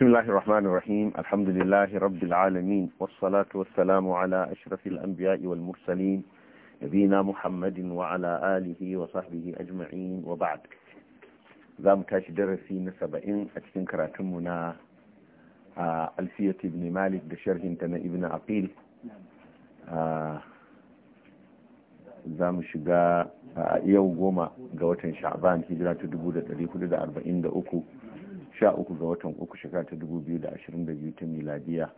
بسم الله الرحمن الرحيم الحمد لله رب العالمين والصلاة والسلام على أشرف الأنبياء والمرسلين نبينا محمد وعلى آله وصحبه أجمعين وبعد زام تاش درسي نسبعين أتكين كراتمنا ألفية ابن مالك بشرح تنا ابن عقيل زام شقا يوم قوما قوة شعبان هجرات دبودة أربعين 443 sha uku ga watan uku shekara ta dubu biyu da ashirin da biyu ta miladiya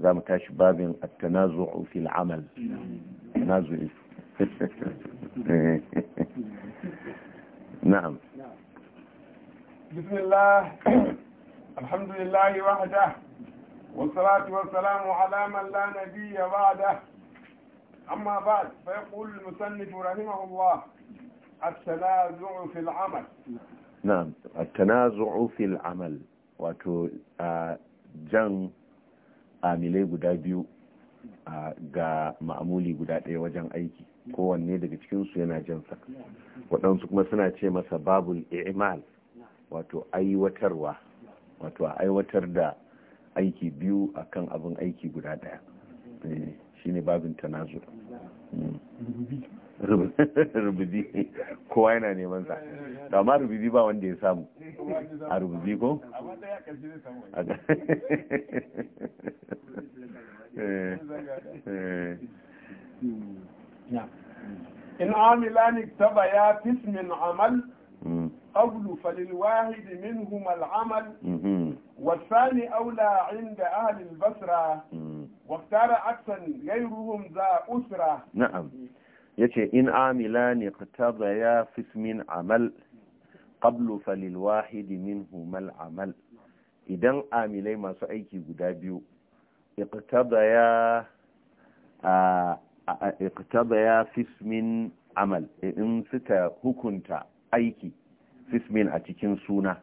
za mu tashi babin attanazu'u fil amal tanazu'i na'am bismillah alhamdulillah wahda والصلاة والسلام على من لا نبي بعده أما بعد فيقول المسنف رحمه الله التنازع في العمل na'am at-tanazu'u amal wato a jan amilai guda biyu ga ma'amuli guda ɗaya wajen aiki kowanne daga cikinsu yana jan jansa waɗansu kuma suna ce masa babul imal wato aiwatarwa wato a aiwatar da aiki biyu akan abin aiki guda ɗaya eh, shine babin tanazu hmm. rubuzi kowa yana neman sa da ma rubuzi ba wanda ya samu a rubuzi ko eh, eh. Eh. in amilani taba ya fismin amal قبل فللواحد منهما العمل والثاني أولى عند أهل البصرة واختار أكثر غيرهم ذا أسرة نعم yace in amila ne qitada ya fismin amal qablu falil wahidi humal amal idan amilai masu aiki guda biyu iqtada ya ya fismin amal in suka hukunta aiki fismin a cikin suna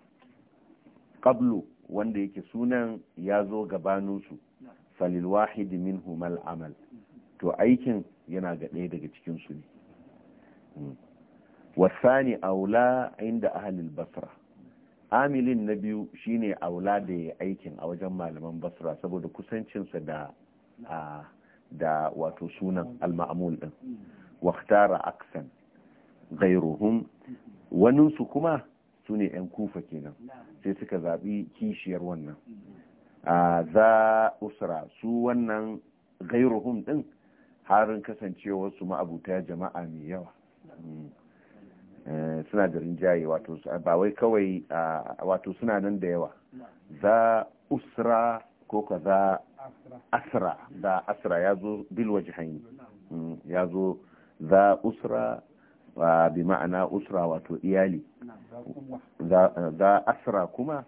qablu wanda yake sunan ya zo gabaninsu falil wahidi humal amal to aikin yana ga ɗaya daga cikin su ne hmm. wasani aula inda ahalil basra amilin na biyu shine aula da ya aikin a wajen malaman basra saboda kusancinsa da da wato sunan al-ma'amul din waktara aksan gairuhum waninsu kuma su ne 'yan kufa kenan sai suka zaɓi kishiyar wannan za usra su wannan gairuhun ɗin. harin kasancewar su ma'abuta jama'a mai yawa eh, suna da rinjaye wato ba wai kawai wato suna nan da yawa za usra ko ka za asra za asra ya zo bilwaji hanyi hmm, ya zo za usra bi ma'ana usra wato iyali za asra kuma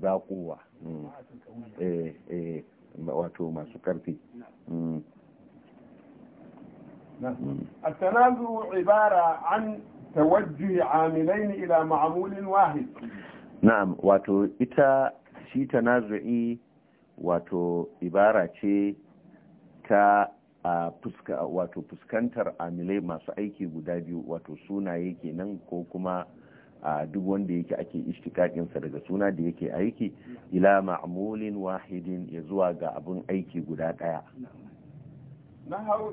za kowa hmm, eh, eh, wato masu karfi hmm. التنازع عبارة عن توجه عاملين إلى معمول واحد نعم واتو إتا شي تنازعي واتو عبارة شي تا wato fuskantar amilai masu aiki guda biyu wato sunaye kenan ko kuma duk wanda yake ake ishtikakinsa daga suna da yake aiki ila ma'amulin wahidin ya zuwa ga abun aiki guda daya nahau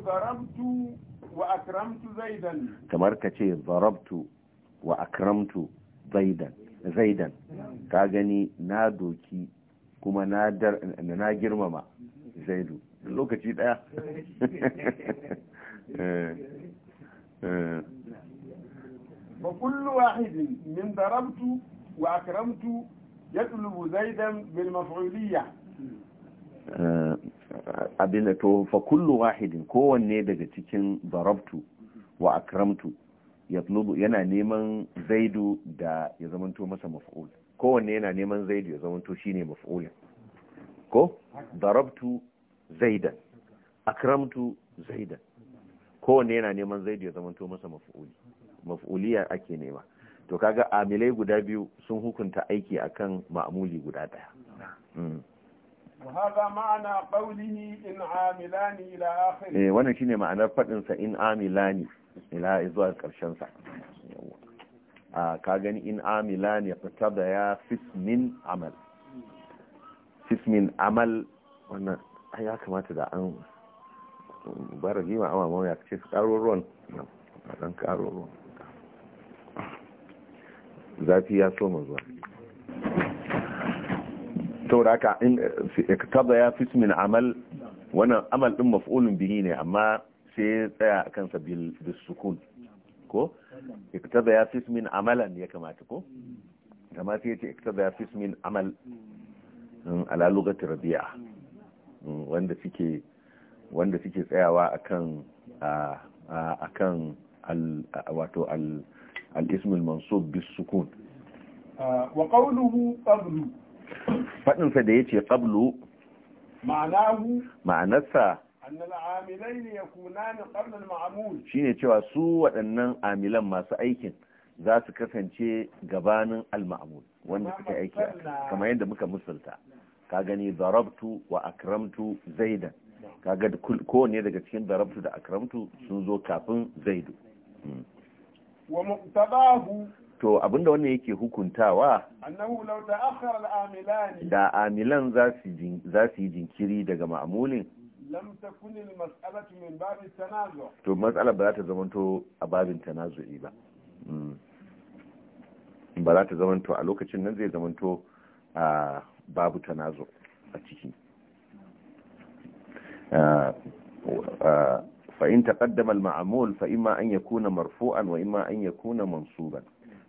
wa akramtu zaidan kamar ka ce zarabtu wa akramtu zaidan zaidan ka gani na doki kuma na girmama zaidu lokaci daya Ba eh, eh. kullu wahidin min darabtu wa akramtu yatlubu zaidan bil mafuliya eh, abin to fa kullu wahidin kowanne daga cikin darabtu wa akramtu yatlubu yana neman zaidu da ya zamanto masa maf'ul kowanne yana neman zaidu ya zamanto shine maf'ul ko darabtu zaidan akramtu zaidan kowanne yana neman zaidu ya zamanto masa maf'uli maf'uliya ake nema to kaga amilai guda biyu sun hukunta aiki akan ma'amuli guda daya mm. وهذا معنى قوله إن عاملان إلى آخر إيه وانا شيني معنى فتنسى ka gani in amila ne fita fismin amal fismin amal wannan ai ya kamata da an bara gima amma mawa ya ce su karo a zafi ya so mazuwa saboda haka in eh, tada ya fi min amal wannan amal din maf'ulun bihi ne amma sai ya tsaya a kansa bil sukun ko iktada ya fi min amalan ya kamata ko amma sai ya ce iktada ya fi min amal mm, ala lugati rabi'a mm, wanda suke wanda suke tsayawa akan akan wato al ismul mansub bis sukun ah, wa qawluhu qablu faɗinsa da ya ce ƙablu ma'anarsa shi ne cewa su waɗannan amilan masu aikin za su kasance gabanin al-ma'amul wanda suka aiki kamar yadda muka musulta ka gani zarabtu wa akramtu zaidan ka ga kowane daga cikin zarabtu da akramtu sun zo kafin zaidu hmm. to abinda wannan yake hukuntawa da amilan za su yi jinkiri daga ma'amulin to matsala ba za ta zamanto a babin tanazu'i ba hmm. ba za ta zamanto a lokacin nan zai zamanto a babu tanazu a ciki fa'in taƙaddama al-ma'amul fa'in ma an yakuna marfu'an wa in ma an yakuna mansuban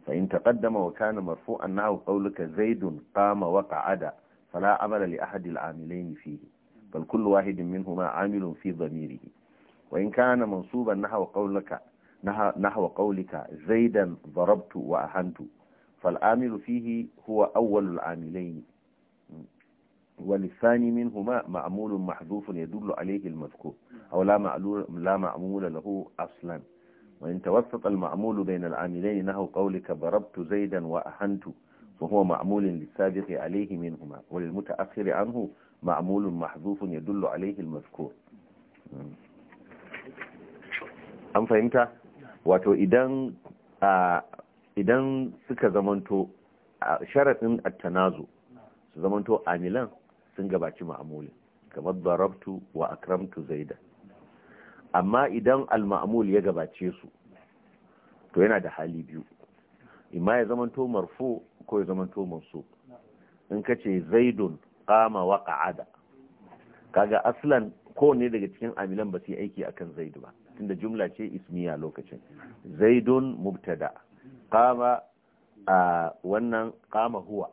فإن تقدم وكان مرفوعا نحو قولك زيد قام وقعد فلا عمل لأحد العاملين فيه بل كل واحد منهما عامل في ضميره وإن كان منصوبا نحو قولك نحو قولك زيدا ضربت وأهنت فالعامل فيه هو أول العاملين وللثاني منهما معمول محذوف يدل عليه المذكور أو لا معمول له أصلا وإن توسط المعمول بين العاملين نحو قولك ضربت زيدا وأهنت فهو معمول للسابق عليه منهما وللمتأخر عنه معمول محذوف يدل عليه المذكور an fahimta wato idan idan suka zamanto sharaɗin attanazu su zamanto amilan sun gabaci ma'amulin kamar darabtu wa akramtu zaidan amma idan al-ma'mul ya gabace su to yana da hali biyu imma ya zamanto marfu ko ya zamanto mansub in kace zaidun qama wa qa'ada kaga aslan ko ne daga cikin amilan ba su yi aiki akan zaid ba tunda jumla ce ismiya lokacin zaidun mubtada qama a wannan qama huwa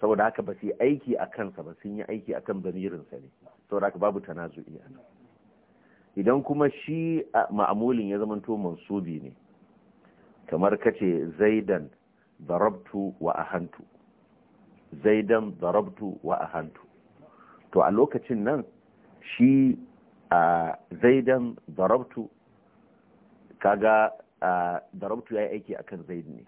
saboda haka ba su yi aiki akan sa ba sun yi aiki akan zamirin sa ne saboda haka babu tanazu'i a nan idan kuma shi ma'amulin ya zamanto mansubi ne kamar kace zaidan darabtu wa ahantu zaidan darabtu wa ahantu to a lokacin nan shi a zaidan darabtu kaga darabtu ya yi aiki akan zaid ne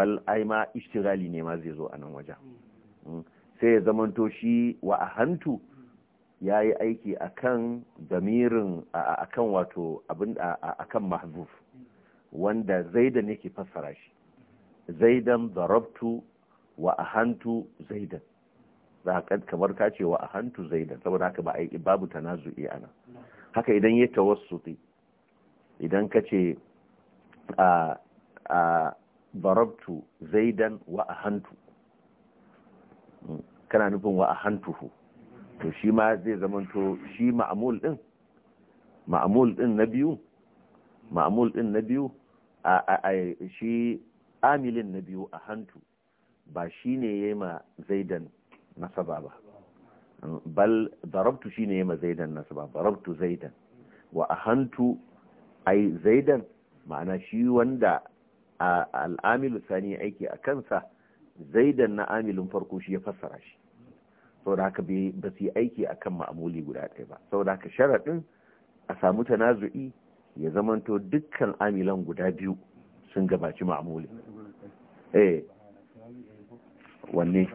bal ai ma ishtirali ne ma zai zo a nan waje hmm. hmm. sai ya zamanto shi wa ahantu ya yi aiki a kan damirin a kan wato abin a kan mahzuf wanda zaidan yake fassara shi zaidan darabtu wa a hantu zaidan za kamar ka ce wa a hantu zaidan saboda haka ba aiki babu ta tanazu'i ana haka idan ya tawassuti idan ka ce a darabtu zaidan wa a hantu hmm, kana nufin wa a hu. to shi ma zai zamanto shi ma'amul din ma'amul din na biyu ma'amul din na biyu a shi amilin na biyu a hantu ba shi ne ya yi ma zaidan nasaba ba bal darabtu shi ne ya yi ma zaidan nasaba darabtu zaidan wa a hantu ai zaidan ma'ana shi wanda al'amilu sani aiki a kansa zaidan na amilin farko shi ya fassara shi saboda haka ba su yi aiki akan ma'amuli guda ɗaya ba saboda haka sharaɗin a samu tanazu'i ya zamanto dukkan amilan guda biyu sun gabaci ma'amuli eh. wanne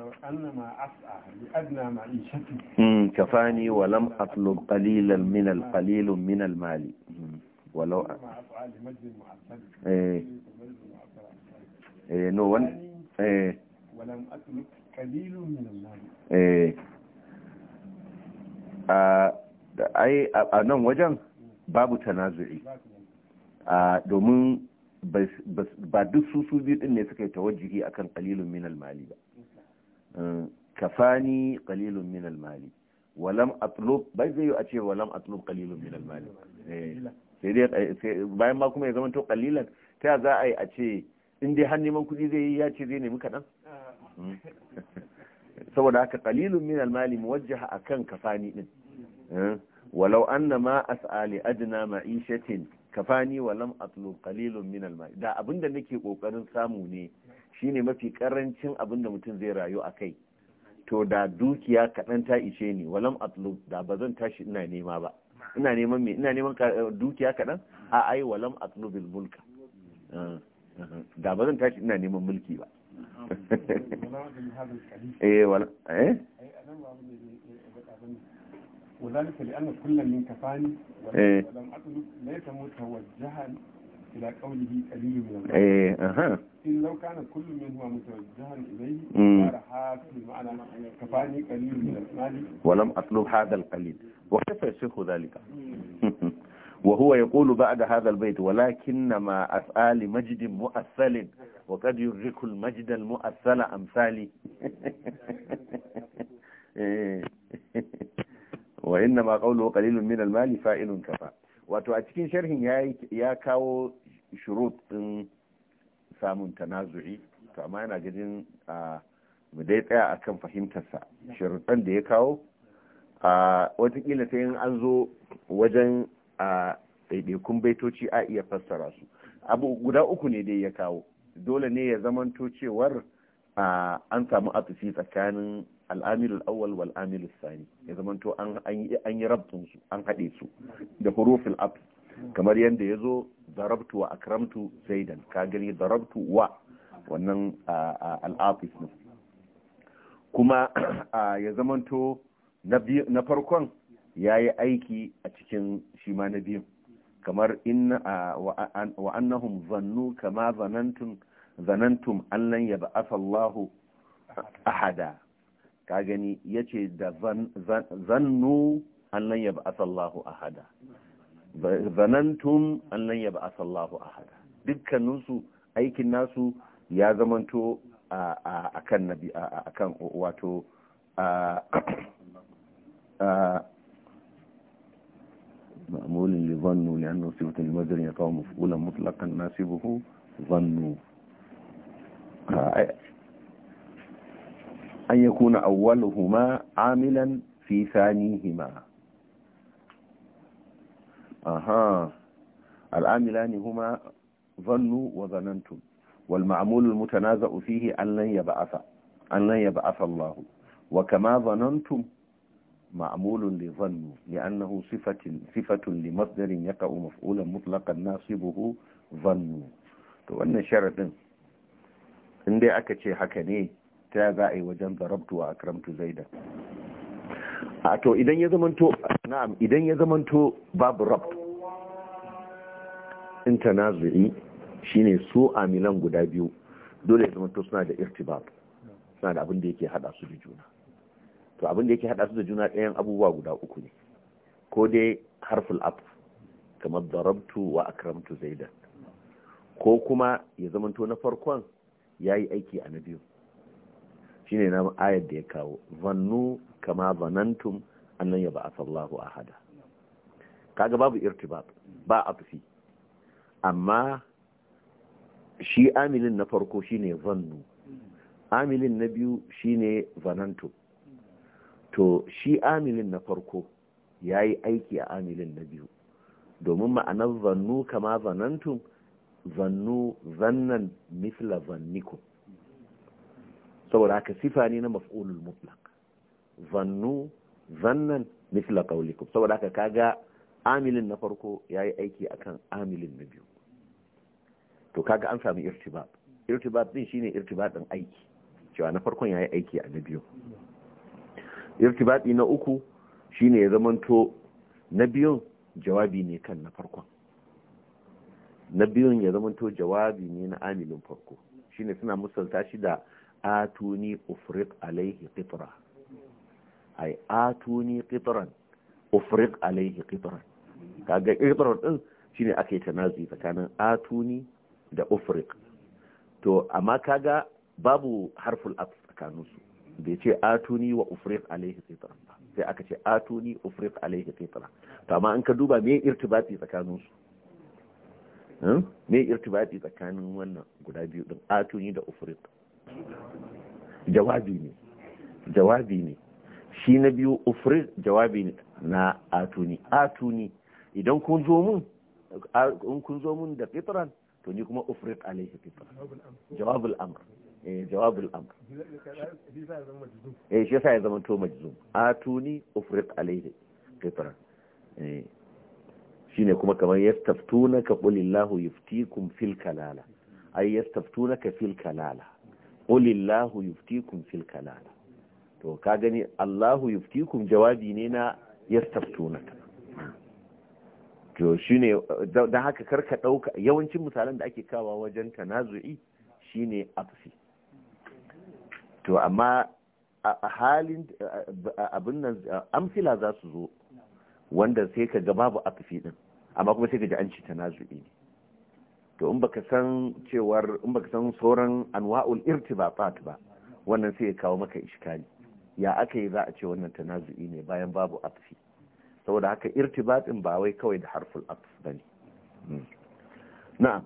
hmm, kafani walam atlub qalilan min al Minal min al-mali hmm. walau eh eh no wan eh walam Eh. a nan wajen babu a domin ba duk su su biyu din ne suka yi tawajiri akan qalilun Minal mali ba eh, kafani qalilun Minal mali walam atlub bai zai yi a ce walam atlub qalilun Minal mali eh, sai dai bayan ma kuma ya zama to Kalilan ta za a yi a ce in dai har neman kuɗi zai yi ya ce zai nemi kaɗan Hmm? saboda haka qalilun min almali muwajjaha akan kafani din hmm? walau anna ma as'ali adna ma'ishatin kafani wa lam atlu qalilun min almali da abinda nake kokarin samu ne shine mafi karancin abinda mutum zai rayu akai to da dukiya kaɗan ta ishe ni walam atlu da ba zan tashi ina nema ba ina neman me ina neman eh, dukiya kaɗan a ai atlu bil mulka hmm? da ba zan tashi ina neman mulki ba eh wala eh وذلك لأن كل من كفاني ولم أطلب ليس متوجها إلى قوله قليل من الوقت إيه أها إن لو كان كل منهما متوجها إليه صار حاصل معنى كفاني قليل من المال ولم أطلب هذا القليل وكيف يشيخ ذلك؟ وهو يقول بعد هذا البيت ولكن ما أسأل مجد مؤثل وقد يدرك المجد المؤثل أمثالي وإنما قوله قليل من المال فائل kafa. wato a cikin sharhin ya kawo shurut din samun tanazu'i to amma yana gajin mu dai tsaya akan fahimtarsa shurutan da ya kawo a watakila sai an zo wajen a ɗaiɗaikun baitoci a iya fassara su abu guda uku ne dai ya kawo dole ne ya zamanto cewar an samu atufi tsakanin al'amilul awwal wal amilul sani ya zamanto an yi rabtun su an haɗe su da hurufin ab kamar yadda ya zo darabtu wa akramtu zaidan ka gani darabtu wa wannan al'afis ne kuma ya zamanto na farkon ya yi aiki a cikin shi ma na biyun kamar inna wa annahum zannu kama zanantum zanantum an lan yab'atha Allah ahada ka gani yace da zannu an lan yab'atha Allah ahada zanantum an ya yab'atha Allah ahada dukkanin su aikin nasu ya zamanto akan nabi kan wato مأمول لظنوا لأنه صفة المصدر يقع مفعولا مطلقا ناسبه ظنوا أن يكون أولهما عاملا في ثانيهما أها العاملان هما ظنوا وظننتم والمعمول المتنازع فيه أن لن يبعث أن لن يبعث الله وكما ظننتم معمول لظن لأنه صفة, صفة لمصدر يقع مفعولا مطلقا ناصبه ظن وأن شرط عندي أكتشي حكني تابعي وجن ضربت وأكرمت زيدا أتو يزمن تو نعم إذن تو باب ربط انت نازعي شيني سوء amilan قدابيو biyu dole تو zama ارتباط da irtibat ديكي da abin da to abin da yake hada su da juna ɗayan abubuwa guda uku ne ko dai harful af kamar darabtu wa akramtu zaidan ko kuma ya zamanto na farkon ya yi aiki a na biyu shi ne na ayar da ya kawo vannu kama Vanantum, annan ya ba a sallahu a hada kaga babu Irtibab, ba a fi amma shi amilin na farko shi ne vannu amilin na biyu shi ne Vanantum. to shi amilin na farko ya yi aiki a amilin na biyu domin ma'anar zannu kama zanantum zannu zannan misla zanniku saboda haka sifa ne na maf'ulul mutlak zannu zannan misla qaulikum saboda haka kaga amilin na farko ya yi aiki a kan amilin na biyu to kaga an samu irtibab irtibat din shine irtibab din aiki cewa na farkon yi aiki a na biyu irtibati na uku shine ya zamanto na biyun jawabi ne kan na farkon na biyun ya zamanto jawabi ne na amilin farko shine suna musalta shi da atuni ufriq alaihi qitra ai atuni qitran ufriq alaihi qitran kaga qitran din shine ake tanazi tsakanin atuni da ufriq to amma kaga babu harful af tsakaninsu bai ce atuni wa ufriq alaihi fitra sai aka ce atuni ufriq alaihi fitra to amma an ka duba me irtibati tsakanin su hmm? me irtibati tsakanin wannan guda biyu din atuni da ufriq jawabi ne jawabi ne shi na biyu ufriq jawabi ne na atuni atuni idan kun zo mun in kun zo mun da fitran to ni kuma ufriq alaihi fitra jawabul amr eh jawabul amr eh shi yasa ya zama to majzum atuni ufriq alayhi qitran eh shine kuma kamar yastaftuna ka qulillahu yuftikum fil kalala ay ka fil kalala qulillahu yuftikum fil kalala to ka gani Allahu yuftikum jawabi ne na yastaftunaka to shine dan haka karka dauka yawancin misalan da ake kawa wajen tanazu'i shine absi to amma a halin abin nan amfila za su zo wanda sai ka ga babu akafi din amma kuma sai ka ji an ci tanazu'i ne to in baka san cewar in baka san sauran anwa'ul irtibafat ba wannan sai ya kawo maka iskali ya aka yi za a ce wannan tanazu'i ne bayan babu atfi saboda haka irtibatin ba wai kawai da harful atf bane hmm. na'am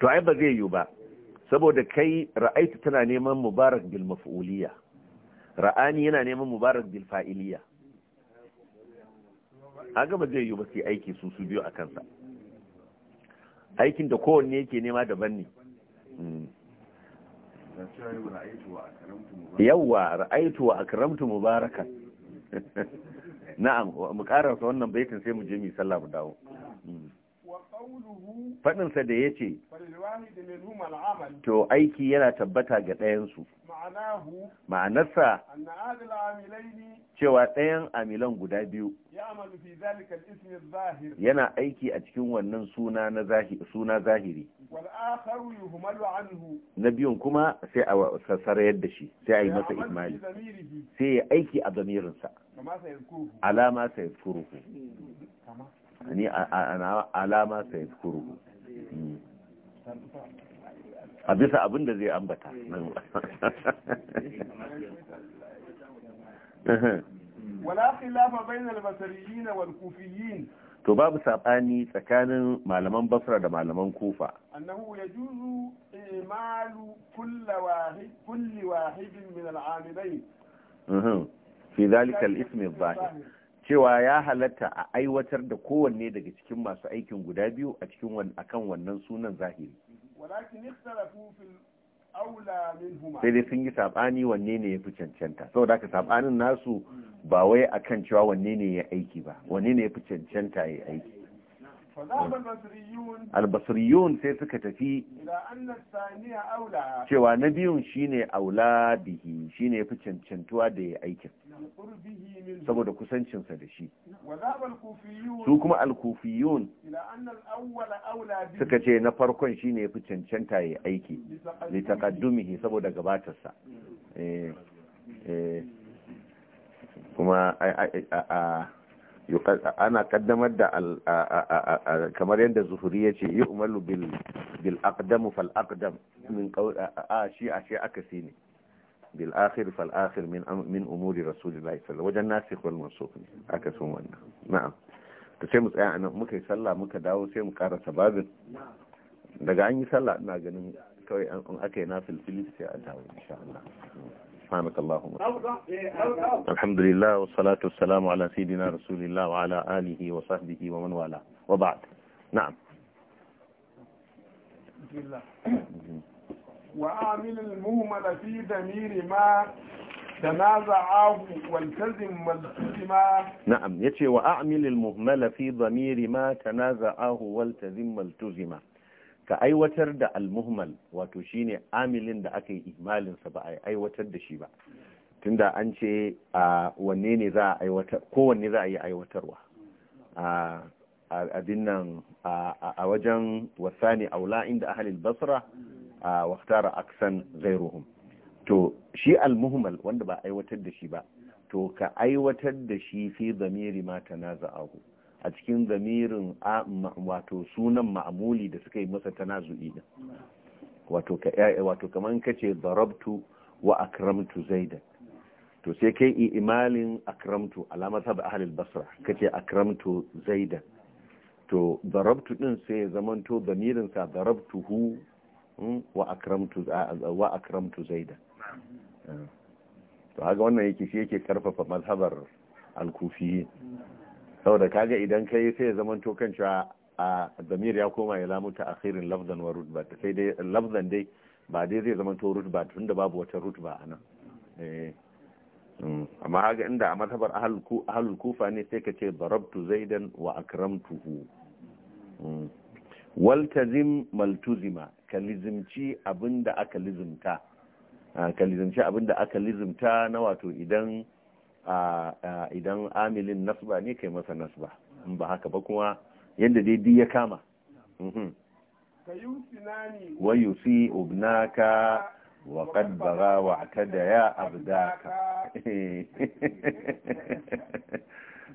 to ai ba zai yiwu ba saboda kai ra'aitu tana neman mubarak bil maf'uliyya ra'ani yana neman mubarak bil fa'iliyya aga ba zai yiwu ba sai aiki su su biyu a kansa aikin da kowanne yake nema daban ne yawwa ra'aitu wa akramtu mubarakan na'am mu karasa wannan baitin sai mu je mu sallah mu dawo hmm. faɗinsa da ya ce to aiki yana tabbata ga ɗayansu ma'anarsa cewa ɗayan amilan guda biyu yana aiki a cikin wannan suna na zahiri na biyun kuma sai a sassarayar yadda shi sai a yi masa imali sai ya aiki a zamirinsa alama sai furuhu ni alama sai kuruhu hmm. a bisa abin da zai ambata wala khilafa bainal basriyin wal kufiyin to babu sabani tsakanin malaman basra da malaman kufa annahu yajuzu imalu kulli wahid kulli wahidin min al-amilain fi dhalika al-ism al-zahir cewa ya halatta a aiwatar da kowanne daga cikin masu aikin guda biyu a cikin akan wannan sunan zahiri sai dai sun yi saɓani wanne ne ya fi cancanta saboda aka saɓanin nasu ba wai akan cewa wanne ne ya aiki ba wanne ne ya fi cancanta ya aiki albasriyun sai suka tafi cewa na biyun shine aula bihi shine fi cancantuwa da ya aikin saboda kusancinsa da shi su kuma alkufiyun suka ce na farkon shine ya fi cancanta ya aiki takaddumihi saboda gabatarsa eh, eh, kuma a ana kaddamar da kamar yadda zuhuri ya ce yi umaru bil aqdamu fal aqdam min a shi a shi aka si ne bil akhir fal akhir min umuri rasulillahi sallallahu wajen nasikh wal mansukh ne aka sun wannan na'am to sai mu tsaya anan muka yi sallah muka dawo sai mu karasa babin daga an yi sallah ina ganin kawai an aka yi na filis sai a dawo insha Allah سبحانك اللهم الحمد لله والصلاة والسلام على سيدنا رسول الله وعلى آله وصحبه ومن والاه وبعد نعم وعامل المهمل في ضمير ما تنازعه والتزم والتزم نعم يتي وأعمل المهمل في ضمير ما تنازعه والتزم والتزم ka aiwatar da almuhmal wato shine amilin da aka yi ihmalinsa ba a aiwatar da shi ba tunda an ce a wanne ne za a aiwatar wanne za a yi aiwatarwa a abin nan a wajen wasani aula inda ahalil basra a waktara aksan zairuhum to shi almuhmal wanda ba aiwatar da shi ba to ka aiwatar da shi fi zamiri ma tanaza'ahu a cikin zamirin wato sunan ma'amuli da suka yi masa tanazu'i din wato ka wato kaman kace darabtu wa akramtu zaidan to sai kai imalin akramtu alamar sabu ahalil basra kace akramtu zaidan to darabtu din sai ya zamanto zamirin sa hu hmm, wa akramtu wa akramtu zaidan to haka wannan yake shi yake karfafa mazhabar al-kufiyyin saboda kaga idan ka yi sai ya zama to kan cewa a zamir ya koma ya lamuta akhirin lafzan wa rutba sai dai lafzan dai ba dai zai zama to rutba tunda babu wata rutba a nan eh. hmm. amma haka inda a matabar ahalul kufa ne sai ka ce darabtu zaidan wa akramtuhu hmm. waltazim maltuzima ka lizimci abinda aka lizimta ah, ka lizimci abinda aka lizimta na wato idan idan amilin nasba ne kai masa nasba in ba haka ba kuma yadda dai ya kama mhm. wa yusi ubnaka wa qad baga wa atada ya abdaka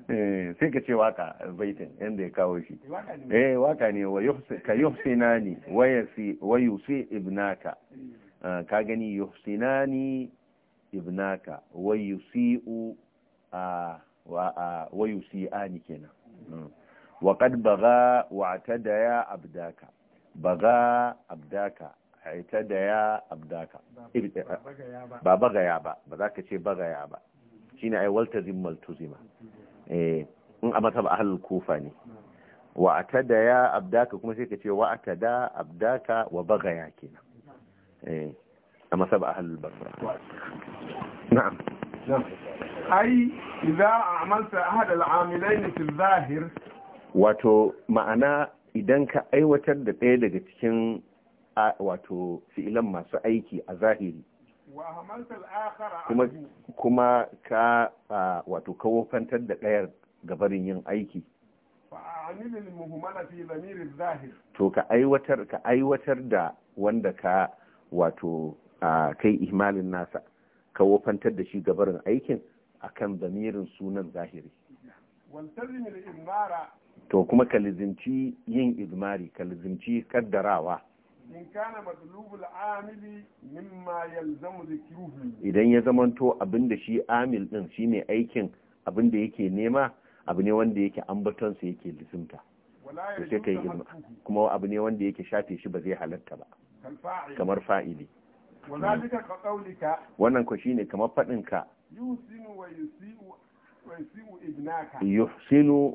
eh, sai ka ce waka baitin yadda ya kawo shi eh waka ne ka yuhsinani wa yusi ibnaka eh. ah, ka gani yuhsinani ibnaka wa yusi'u wa yusi'ani kenan mm. wa qad baga wa atadaya abdaka baga abdaka atadaya abdaka eh, eh, ba baga ya ba ba za ka ce baga ya ba shine ai waltazim maltuzima eh in a mata ba ahlul kufa ne wa atadaya abdaka kuma sai ka ce wa atada abdaka wa bagaya kenan eh a masaba ahlul basra na'am ai idza amalta ahad al'amilain fil zahir wato ma'ana idan ka aiwatar da ɗaya daga cikin wato fi'ilan masu aiki a zahiri kuma ka wato kawofantar da ɗayar gabarin yin aiki to ka aiwatar ka aiwatar da wanda ka wato A kai ihmalin nasa ka wofantar da shi gabarin aikin akan zamirin sunan zahiri to kuma ka lizinci yin izmari ka lizinci kaddarawa idan ya zamanto abin da shi amil din shi ne aikin abin da yake nema abu ne wanda yake ambatonsa yake lizimta kuma abu ne wanda yake shafe shi ba zai halatta ba kamar fa'ili wannan ko shine kamar faɗinka yuhsinu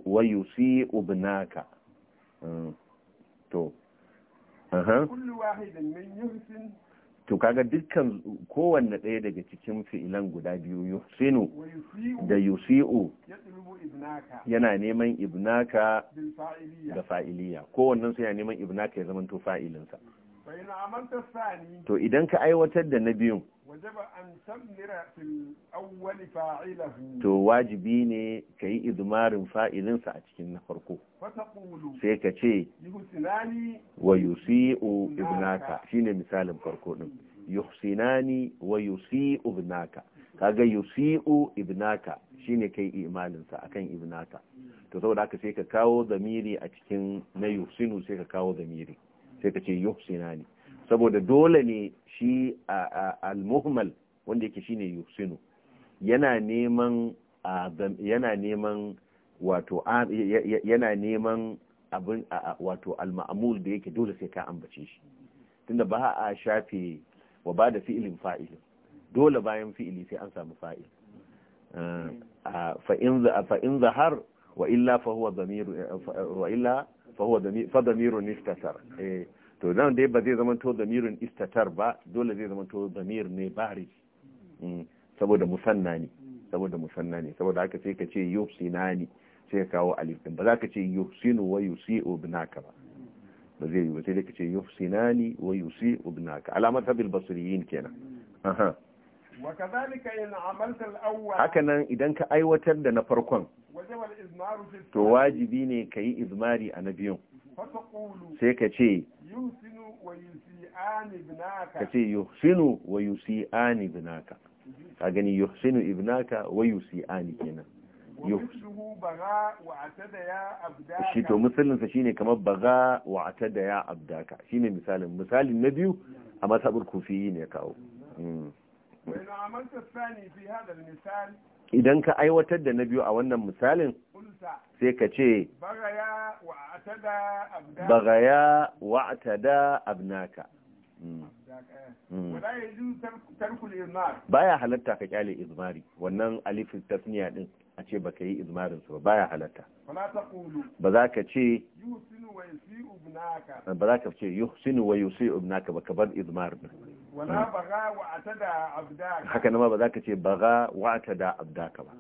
wa yusi'u ibnaka to to kaga dukkan kowanne ɗaya daga cikin fi'ilan guda biyu yuhsinu da yusi'u yana neman ibnaka da fa'iliya kowannen su yana neman ibnaka ya zama to fa'ilinsa to idan ka aiwatar da na biyun to wajibi ne ka yi idumarin fa'ilinsa a cikin na farko sai ka ce wa yusi'u ibnaka shine misalin farko ɗin yusinani wa yusi'u ibnaka kaga yusi'u ibnaka shine kai imaninsa a akan ibnaka to saboda haka sai ka kawo zamiri a cikin na yusinu sai ka kawo zamiri sai ka ce ne saboda dole ne shi al-muhmal wanda yake shine yuhsinu yana neman yana neman wato yana neman abin wato al-ma'mul da yake dole sai ka ambace shi tunda ba a shafe wa ba da fi'ilin fa'ilin dole bayan fi'ili sai an samu fa'il fa in zahar wa illa fa huwa damiru wa illa fa damirun istatar to nan dai ba zai zamanto damirun istatar ba dole zai zamanto damir ne bari saboda musanna ne saboda musanna ne saboda haka sai ka ce ne sai ka kawo alif din ba za ka ce yusinu wa yusi'u binaka ba ba zai yi ba sai ka ce ne wa yusi'u binaka alamata bil basriyin kenan aha hakanan idan ka aiwatar da na farkon to wajibi ne ka yi izmari a na biyun sai ka ce ka ce yuhsinu wa yusi'ani binaka ka gani yuhsinu ibnaka wa yusi'ani kenan shi to shi ne kamar baga wa atada ya abdaka shine misalin misalin na biyu a masabar kufi ne ya kawo hmm. idan ka aiwatar da na biyu a wannan misalin sai ka ce bagaya wa'atada abnaka hmm. Hmm. baya halatta ka kyale izmari wannan alifin tasniya din a ce baka yi izmarin su ba baya halatta ba za ka ce ba za ka ce yuhsinu wa yusi ba ka bar izmarin wala hmm. baga wa abdaka haka nan ba za ka ce baga da abda abdaka ba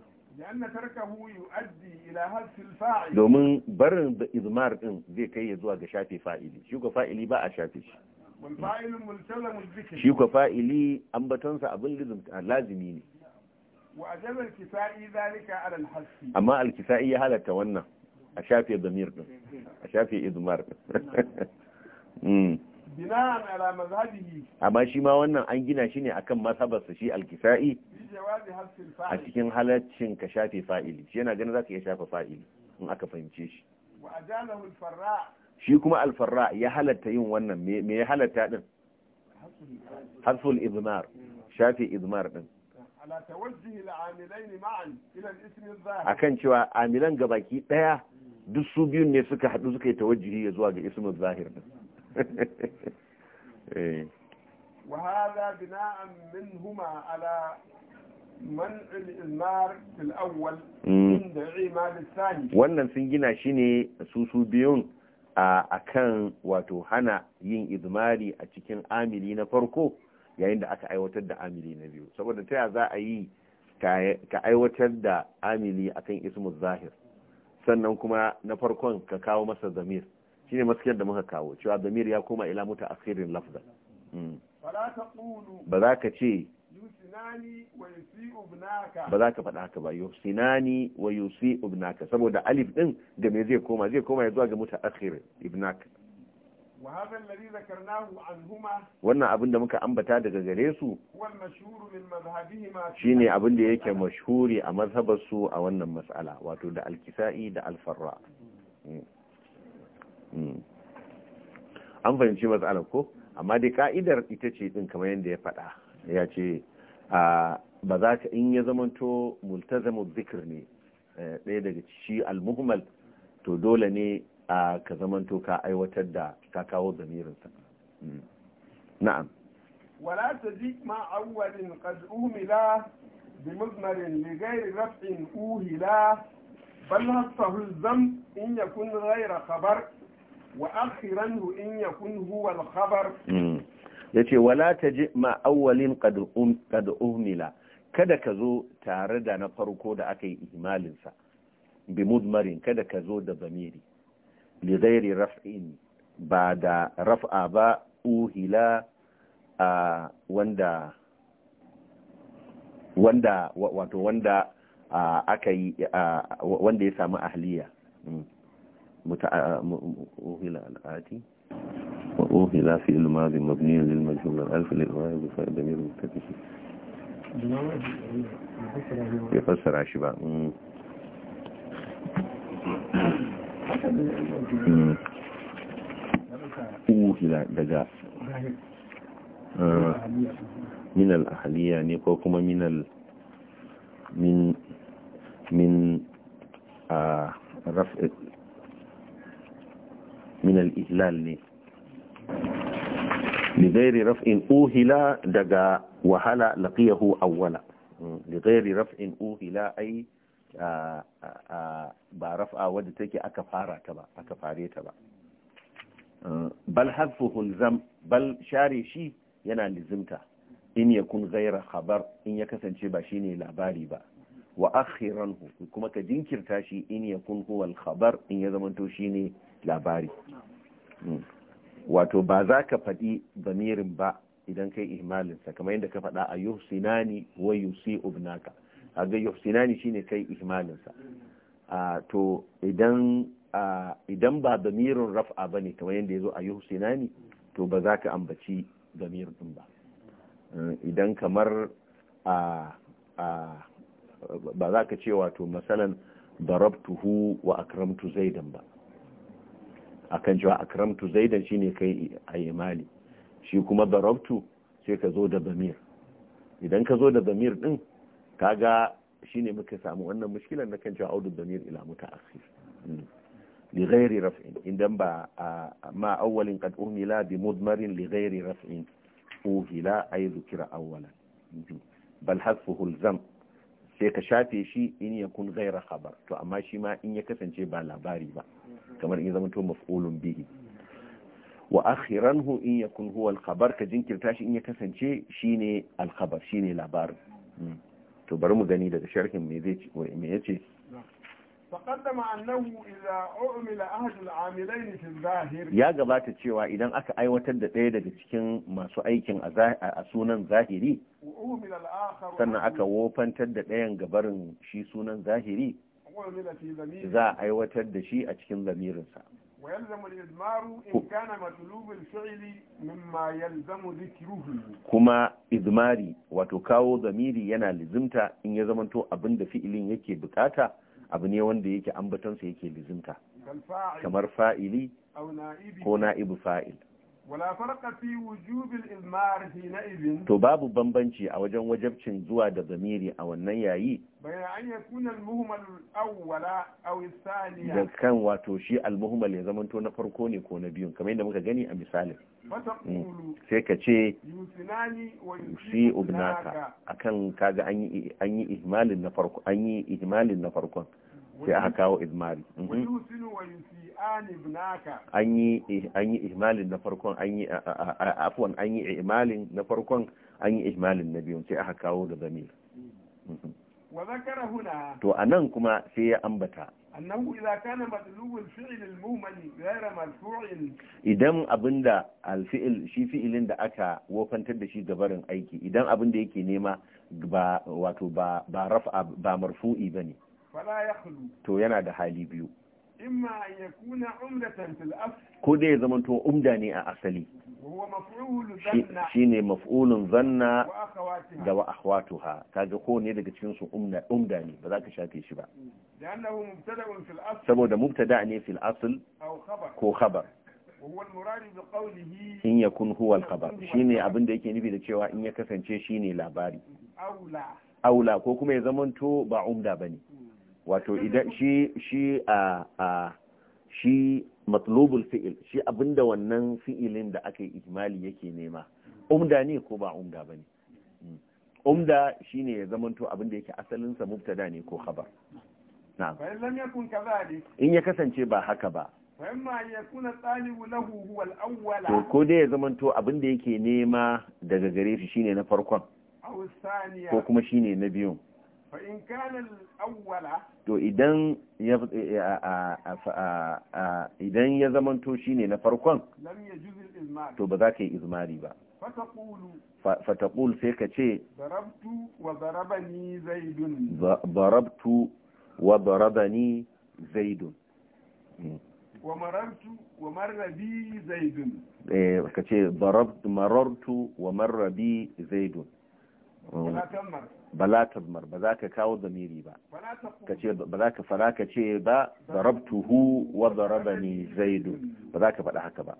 domin barin da izmar din zai kai ya zuwa ga shafe fa'ili shi ko fa'ili ba a shafe shi shi ko fa'ili batonsa abin lazimi ne amma alkisa'i ya halatta wannan a shafe zamir din a shafe izmar din bina'an ala mazhabihi amma shi ma wannan an gina shi ne akan masabarsa shi alkisa'i a cikin halaccin ka shafe fa'ili shi yana ganin zaka iya shafe fa'ili in aka fahimce shi wa alfarra shi kuma alfarra ya halatta yin wannan me ya halatta din hasful izmar shafe izmar din akan cewa amilan gabaki daya duk su biyun ne suka haɗu suka yi tawajjihi zuwa ga ismin zahir din وهذا بناء منهما على منع الإزمار في الأول الثاني wannan sun gina shi ne su su biyun a kan wato hana yin izmari a cikin amili na farko yayin da aka aiwatar da amili na biyu saboda ta za a yi ka aiwatar da amili akan ismu zahir sannan kuma na farkon ka kawo masa zamir shine maskiyar da muka kawo cewa damir ya koma ila muta asirin lafza mm. ba za ka ce ba za ka faɗa haka ba yusinani wa yusi ibnaka saboda alif din ga me zai koma zai koma ya zuwa ga muta asirin ibnaka wannan abin da muka ambata daga gare su shi ne abin da yake mashhuri a mazhabarsu a wannan matsala wato da alkisa'i da alfarra mm. an fahimci matsalar ko amma dai ka'idar ita ce din kamar yadda ya faɗa ya ce ba za ka in ya zamanto multazamu zikir ne eh, ɗaya daga shi muhammad to dole ne ka zamanto ka aiwatar da ka kawo zamirinsa hmm. na'am wala ta ji ma'awwalin qad umila bi muzmarin li ghairi raf'in uhila bal hasahu zam in yakun raira wa hu in yakun huwa al-khabar hmm. yace wala taji ma awwalin qad um qad umila kada ka zo tare da na farko da aka yi ihmalin sa bi mudmarin kada ka zo da zamiri li ghairi raf'in ba da raf'a ba uhila a wanda wanda wato wanda aka wanda ya samu ahliya hmm. متع... أوهل الآتي وأوهل في الماضي مبني للمجهول الألف للغاية دمير مستتف يفسر عشباء أوهل دجا آه. من الأهلية يعني كوكما من ال... من من آه رفع min al-ihlal ne li ghairi raf'in uhila daga wahala laqiyahu awwala li ghairi raf'in uhila ai ba raf'a wadda take aka fara ta ba aka fare ta ba bal hadfuhu al bal share shi yana lizimta in yakun ghaira khabar in ya kasance ba shine labari ba wa akhiranhu kuma ka jinkirta shi in yakun huwa al-khabar in ya zamanto shine labari hmm. wato ba za ka faɗi zamirin ba idan kai ihmalinsa kamar yadda ka faɗa a yuhsinani wa yusi ubnaka a ga shi shine kai ihmalinsa to idan ba zamirin raf'a ne kamar yadda ya zo a yuhsinani to ba za ka ambaci zamirin din ba hmm, idan kamar ba za ka ce wato masalan darabtuhu wa akramtu zaidan ba akan cewa akramtu zaidan shine kai a imali shi kuma darabtu sai ka zo da damir idan ka zo da damir din kaga shine muka samu wannan mushkilan na kan cewa audu damir ila mutaakhir hmm. li ghairi raf'in idan ba ma awwalin qad umila bi mudmarin li ghairi raf'in uhila ay dhukira awwalan hmm. bal hasfuhu al sai ka shafe shi in yakun ghaira khabar to amma shi ma in ya kasance ba labari ba kamar in zama to maf'ulun bihi wa akhiranhu in yakun huwa al-khabar ka jinkirta shi in ya kasance shine al-khabar shine labarin hmm. to bari mu gani daga sharhin me zai ce me yace cewa idan aka aiwatar da ɗaya daga cikin masu aikin a sunan zahiri sannan aka wofantar da ɗayan gabarin shi sunan zahiri za a aiwatar da shi a cikin lamirinsa kuma izmari wato kawo zamiri yana lizimta in ya zamanto abin da fi'ilin yake bukata abu ne wanda yake ambatonsa yake lizimta kamar fa'ili ko na'ibu fa'il wala farqa fi wujubil ilmar hina idin to babu bambanci a wajen wajabcin zuwa da zamiri a wannan yayi bayan an yakuna al-muhmal awwala aw thaniya da kan wato shi al-muhmal ya zamanto na farko ne ko na biyun kamar yadda muka gani a misalin mm. sai ka ce si ubnaka akan kaga an yi ihmalin na farko an yi ihmalin na farkon sai aka kawo idmari mhm. an yi ihmalin na farkon an yi afuwan an yi ihmalin na farkon an yi ihmalin na biyun sai aka kawo da zamir mhm. to a nan kuma sai ya ambata idan abinda alfi'il shi fi'ilin da aka wofantar da shi gabarin aiki idan abinda yake nema ba wato ba rafa ba marfu'i bane to yana da hali biyu ko dai ya zamanto umda ne a asali Shi ne maf'ulun zanna da wa akhwatuha kaga ko ne daga cikin su umda ne ba za ka shafe shi ba saboda mubtada ne fil asl ko khabar in ya kun huwa Shi ne abin da yake nufi da cewa in ya kasance shi ne labari aula ko kuma ya zamanto ba umda ba ne. Hmm. wato mhm. idan shi shi a a shi matlubul fi'il shi abinda wannan fi'ilin da aka yi ijmali yake nema umda ne ko ba umda bane hmm. umda shine ya zamanto abinda yake asalin sa mubtada ne ko khabar na'am in ya kasance ba haka ba to ko dai ya zamanto abinda yake nema daga gare shi shine na farkon ko kuma shine na biyun to idan ya idan ya zamanto shine na farkon to ba za ka yi izmari ba fataƙul sai ka ce barabtu wa barabani zaidun darabtu wa darabani zaidun wa marartu wa marrabi zaidun ka ce marartu wa marrabi zaidun bala tadmar ba za ka kawo zamiri ba ka ce ba za ka fara ka ce ba darabtuhu wa darabani zaidu ba za ka faɗa haka ba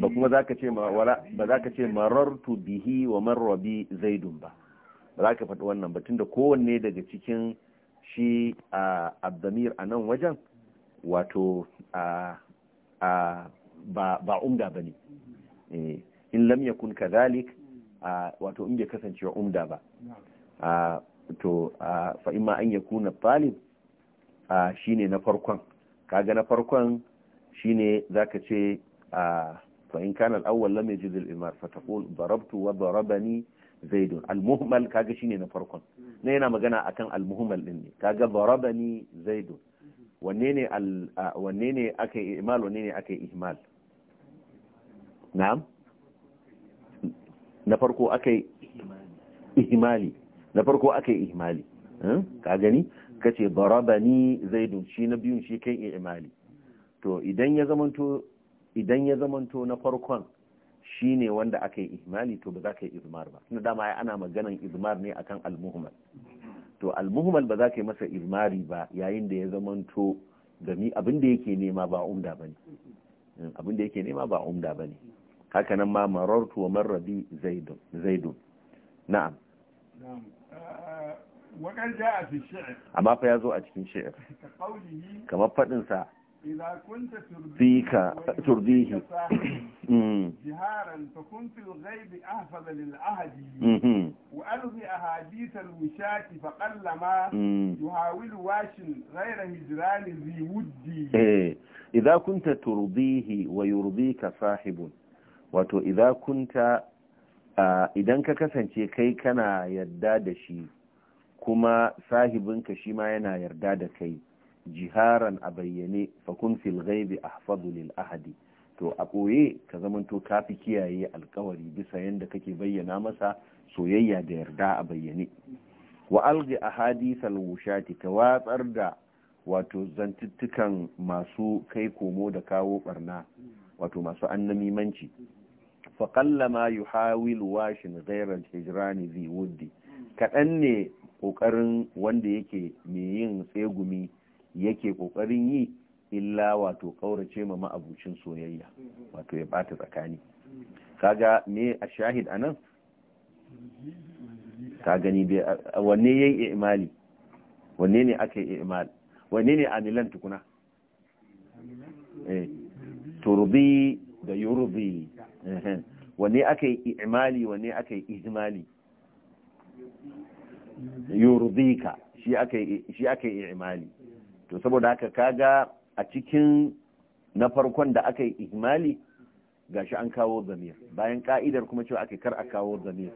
ba kuma za ka ce ba za ka ce marartu bihi wa marrabi zaidun ba ba za ka faɗi wannan ba tunda kowanne daga cikin shi a abdamir a nan wajen wato a ba umda ba ne eh, in lam yakun kadhalik wato in bai kasancewa umda ba to fa imma an ya kuna talib shine na farkon kaga na farkon shine zaka ce fa in kana al-awwal lam yajid al-imar fa taqul darabtu wa darabani zaid al-muhmal kaga shine na farkon mm-hmm. ne yana magana akan al-muhmal din ne kaga darabani zaid mm-hmm. wanne ne wanne ne akai imal wanne ne akai ihmal na'am na farko aka yi ihimali na farko aka yi ihimali hmm? ka gani ka ce barabani Zaidu shi na biyun shi kai ihimali to idan ya zamanto na farkon shi ne wanda aka yi ihimali to ba za ka yi izmar ba suna dama ana maganan izmar ne akan almuhmal to almuhmal ba za ka yi masa izmari ba yayin da ya zamanto gami abin yake nema ba umda hmm, yake nema ba umda bane haka nan ma marartu wa marrabi zaidun zaidun na'am eh, amma fa ya zo a cikin shi'ir kamar faɗinsa fika turdihi جهارا فكنت في الغيب أحفظ للعهد وألغي أحاديث الوشاة فقل ما يحاول واش غير هجران ذي ودي إذا كنت ترضيه ويرضيك صاحب wato idan kunta idan ka kasance kai kana yarda da shi kuma sahibinka shi ma yana yarda da kai jiharan a bayyane fakun fil ghaibi ahfadu ahadi to a ɓoye ka zamanto ka fi kiyaye alkawari bisa yadda kake bayyana masa soyayya da yarda a bayyane wa algi ahadith al wushati ka watsar da wato zantuttukan masu kai komo da kawo barna wato masu annamimanci faƙalla ma yi hawil washin gairar hijirani zai wuddi kaɗan ne ƙoƙarin wanda yake mai yin tsegumi yake ƙoƙarin yi illa wato ƙaurace ma ma'abucin soyayya wato ya ɓata tsakani kaga me a shahid anan ka gani wanne ya yi imali wanne ne aka yi imali wanne ne amilan tukuna turbi da yurbi wanne aka yi imali wanne aka yi ijmali shi aka yi imali to saboda haka kaga a cikin na farkon da aka yi ijmali gashi an kawo zamir bayan ka'idar kuma cewa aka kar a kawo zamir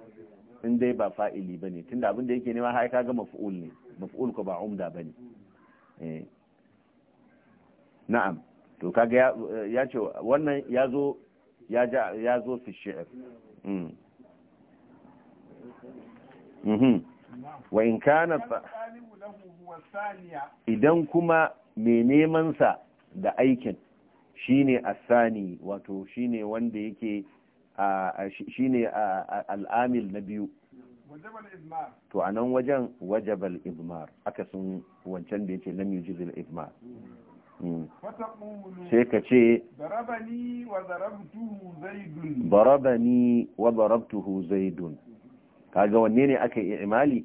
in dai ba fa'ili ba ne. tunda abin da yake nema haika kaga mafi'ul ne mafi'ul ko ba umda ba ne. Eh. na'am to kaga ya ce wannan ya zo ya zo fi shi'ir mm. mm-hmm. wa in kana idan kuma mai nemansa da aikin shine asani wato shine wanda yake shine al'amil na biyu to a nan wajen wajabal idmar aka sun wancan da yake lam yujizil idmar sai ka ce barabani wa zarabtuhu zaidun kaga wanne ne aka yi imali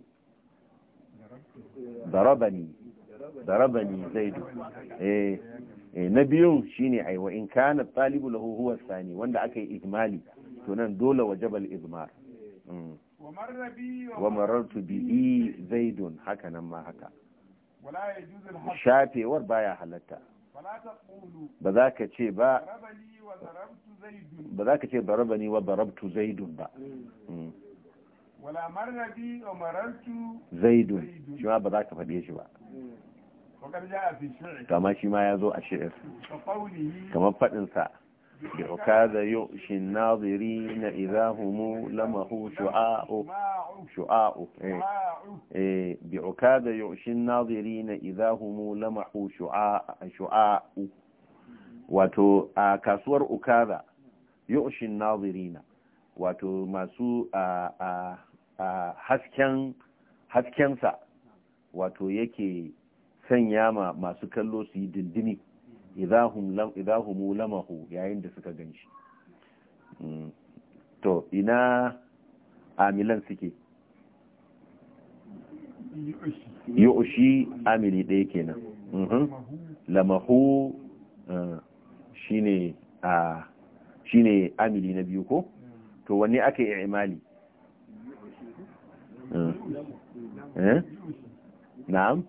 Barabani darabani zaidu eh, eh na biyun shine ai wa in kana talibu lahu huwa sani wanda aka yi imali to nan dole wajabal izmar mm. wa marartu bi zaidun haka nan ma haka shafewar baya halatta ba za ka ce ba ba za ka ce barabani wa barabtu zaidun ba hmm. Hmm. wala marrabi wa marartu zaidun shi ma ba za ka faɗe shi ba hmm. kama shi ma ya zo a shi'ir kamar faɗinsa لعكاذ يؤشي الناظرين إذا هم لمه شعاء شعاء بعكاذ يؤشي الناظرين إذا هم لمه wato a kasuwar ukaza yoshin nazirina wato masu a haskensa wato yake sanya ma masu kallo su yi idahumu lamahu yayin da suka gan shi mm. to ina amilan suke yi ushi amili ɗaya kenan mhm. lamahu eh, shine a shine amili na biyu ko to wanne aka yi imali eh. Eh? na'am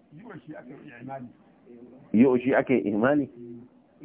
yi ake aka yi imali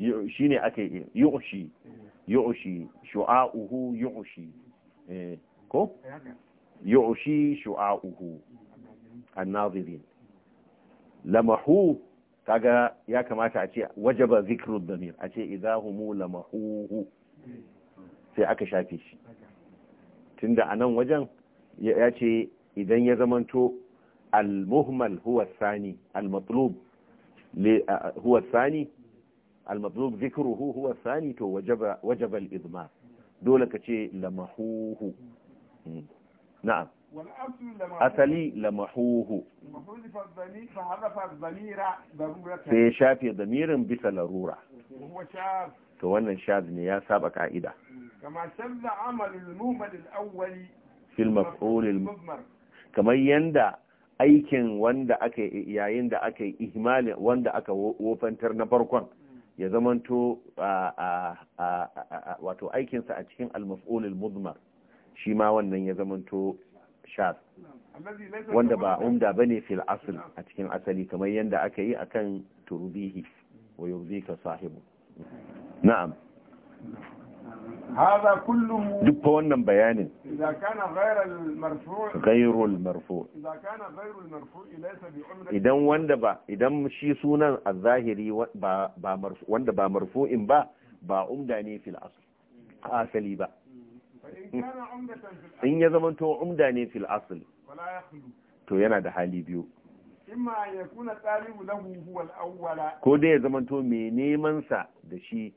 ne aka yi yi yu'shi shu'a'uhu yu'shi eh, ko yu'shi shu'a'uhu an-nazirin lamahu kaga ya kamata a ce wajaba zikru damir a ce idahumu hu sai aka shafe shi tunda a nan wajen ya ce idan ya zamanto al-muhmal huwa sani al-matlub huwa sani almatlub zikruhu huwa sani to wajaba wajaba al dole ka ce lamahuhu na'am asali lamahuhu sai ya shafe damirin bisa larura to wannan shaz ya saba ka'ida kama shadda amalul kamar yanda aikin wanda aka yayin da aka ihmali wanda aka wofantar na farkon ya zamanto wato aikinsa a cikin almas'ulil muzmar shi ma wannan ya zamanto shaz wanda ba umda bane fil asl a cikin asali kamar yadda aka yi akan turbihi wa yuzika sahibu na'am هذا كله دب wannan bayanin إذا كان غير المرفوع غير المرفوع إذا كان غير المرفوع ليس بعمرة idan wanda ba idan shi sunan al-zahiri ba ba marfu wanda ba marfu'in ba ba umda ne fil asl asali ba in ya zamanto umda ne fil asl to yana da hali biyu ya ko dai ya zamanto mai neman sa da shi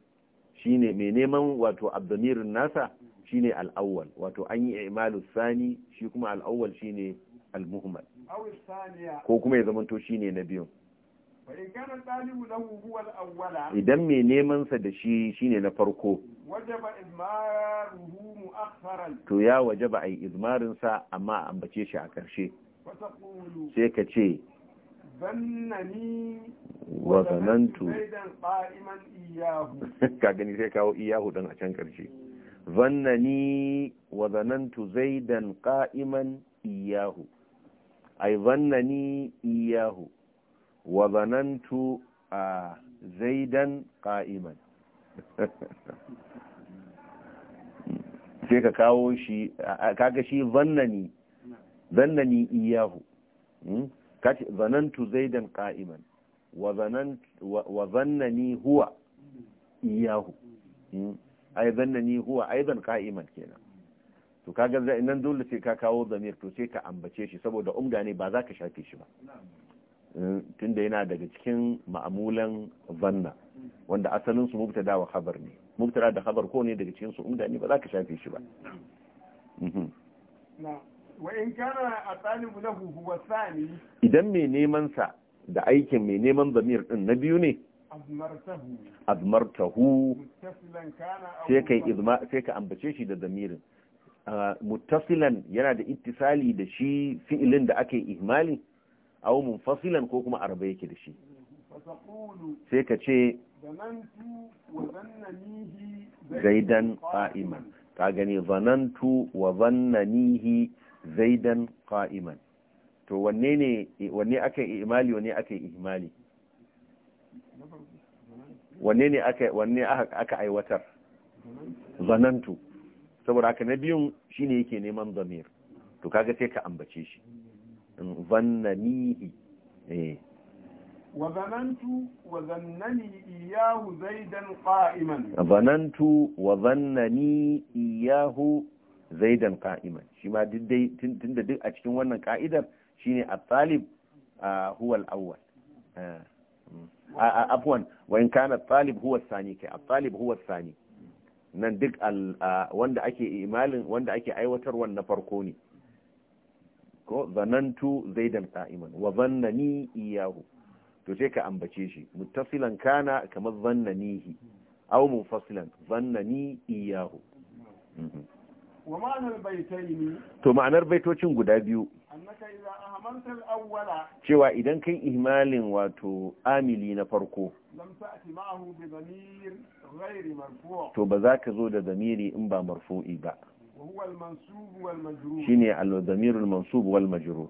shine mai neman wato abdamirin nasa shine al'awwal wato an yi imalu sani shi kuma al'awwal shine al-muhammad ko kuma ya zamanto shine na biyun idan mai neman sa da shi shine na farko to ya waje ba a yi izmarin sa amma ambace shi a ƙarshe sai ka ce zannani wa zanantu ka gani sai kawo iyahu dan a can karshe zannani wa zanantu zaidan qa'iman iyahu Ai zannani iyahu wa zanantu zaidan qa'iman sai ka kawo shi kaga shi zannani zannani iyahu hmm? kace zanantu zaidan qa'iman wa wa zannani huwa iyahu hmm? ai zannani huwa aidan qa'iman kenan to kaga nan dole sai ka kawo zamir to sai ka ambace shi saboda umda ne ba za ka shafe shi ba hmm? tunda yana daga cikin ma'amulan zanna wanda asalin su mubtada wa khabar ne mubtada da khabar ko ne daga cikin su umda ne ba za ka shafe shi ba hmm? idan mai neman sa da aikin mai neman zamir din na biyu ne azmartahu sai sai ka ambace shi da zamirin mutasilan yana da ittisali da shi fi'ilin da ake ihmali aw munfasilan ko kuma arba yake da shi sai ka ce zaidan qa'iman ka gani zanantu wa zannanihi zaidan qa'iman to wanne ne wanne aka yi imali wanne aka yi ihmali wanne ne aka wanne aka aiwatar zanantu saboda haka na biyun shine yake neman zamir to kaga sai ka ambace shi zannanihi eh wa zanantu wa iyahu zaidan zanantu wa zannani iyahu zaidan qa'iman shi ma duk tun da duk a cikin wannan ka'idar shine a talib huwa al-awwal eh, mm. afwan wa in kana at-talib huwa sani kai a talib huwa sani nan duk wanda ake imalin wanda ake aiwatarwa na farko ne ko zanantu zaidan qa'iman wa zannani iyahu to sai ka ambace shi muttasilan kana kamar zannanihi aw munfasilan zannani iyahu mm-hmm. to ma'anar baitocin guda biyu cewa idan kai ihmalin wato amili na farko to ba za ka zo da zamiri in ba marfu'i ba ne al-damirul mansub wal majrur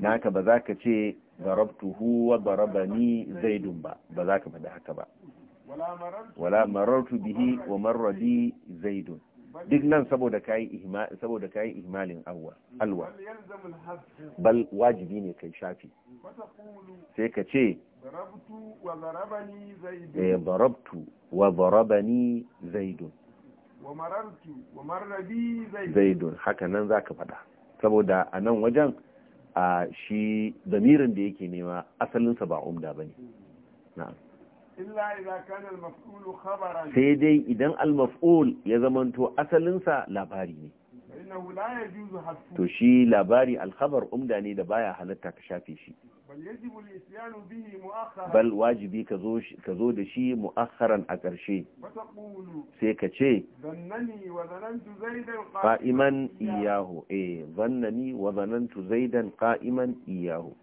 naka ba za ka ce darabtuhu wa darabani zaidun ba ba za ka faɗi haka ba wala marartu bihi wa marra bi zaidun duk nan saboda kayi ihma saboda kayi ihmalin awwa alwa bal wajibi ne kai shafi sai ka ce darabtu wa darabani zaidun eh, wa wa marrabi zaidun haka nan zaka faɗa saboda a nan wajen a shi zamirin da yake nema asalinsa ba umda bane hmm. na'am sai dai idan al-maf'ul ya zamanto asalinsa labari ne to shi labari alkhabar umda ne da baya halatta ka shafe shi bal wajibi ka zo da shi mu'akharan a ƙarshe sai ka ce ƙa'iman iyahu eh zannani wa zanantu zaidan ƙa'iman iyahu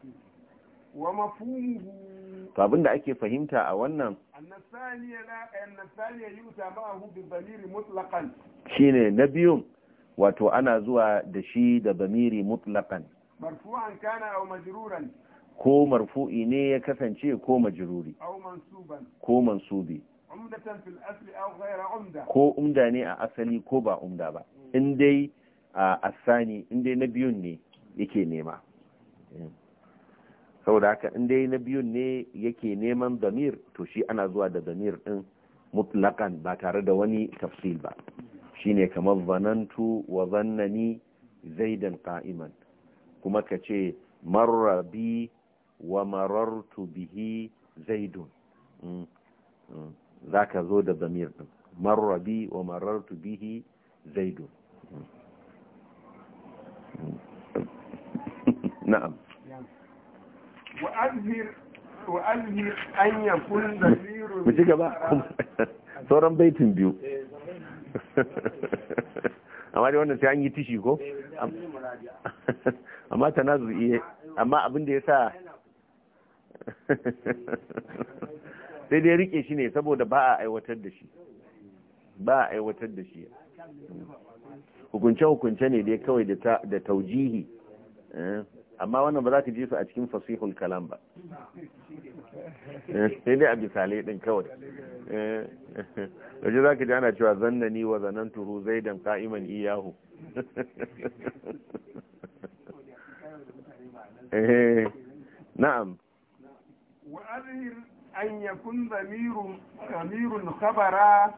wa to abin ake fahimta a wannan shi ne na biyun wato ana zuwa da shi da bamiri mutlaƙan ko marfu'i ne ya kasance ko majiruri ko mansubi ko umda ne a asali ko ba umda ba mm. in dai a asani in dai na biyun ne yake nema saboda haka in dai na biyun ne yake neman damir to shi ana zuwa da damir din mutlakan ba tare da wani tafsil ba shine kamar zanantu wa zannani zaidan qa'iman kuma ka ce marra bi wa marartu bihi zaidun mm, mm. zaka zo da damir din marra bi wa marartu bihi zaidun mm. na'am mu ci gaba sauran baitin biyu amma dai wannan sai an yi tishi ko amma nazu iya amma abin da ya sa sai dai rike shi ne saboda ba a aiwatar da shi ba a aiwatar da shi hukunce-hukunce ne dai kawai da taujihi amma wannan ba za ka ji su a cikin fasihul kalam ba sai dai a misalai din kawai waje za ka ji ana cewa zannani wa zanan turu zai dam ka'iman iyahu na'am wa'azir an yakun zamirun zamirun khabara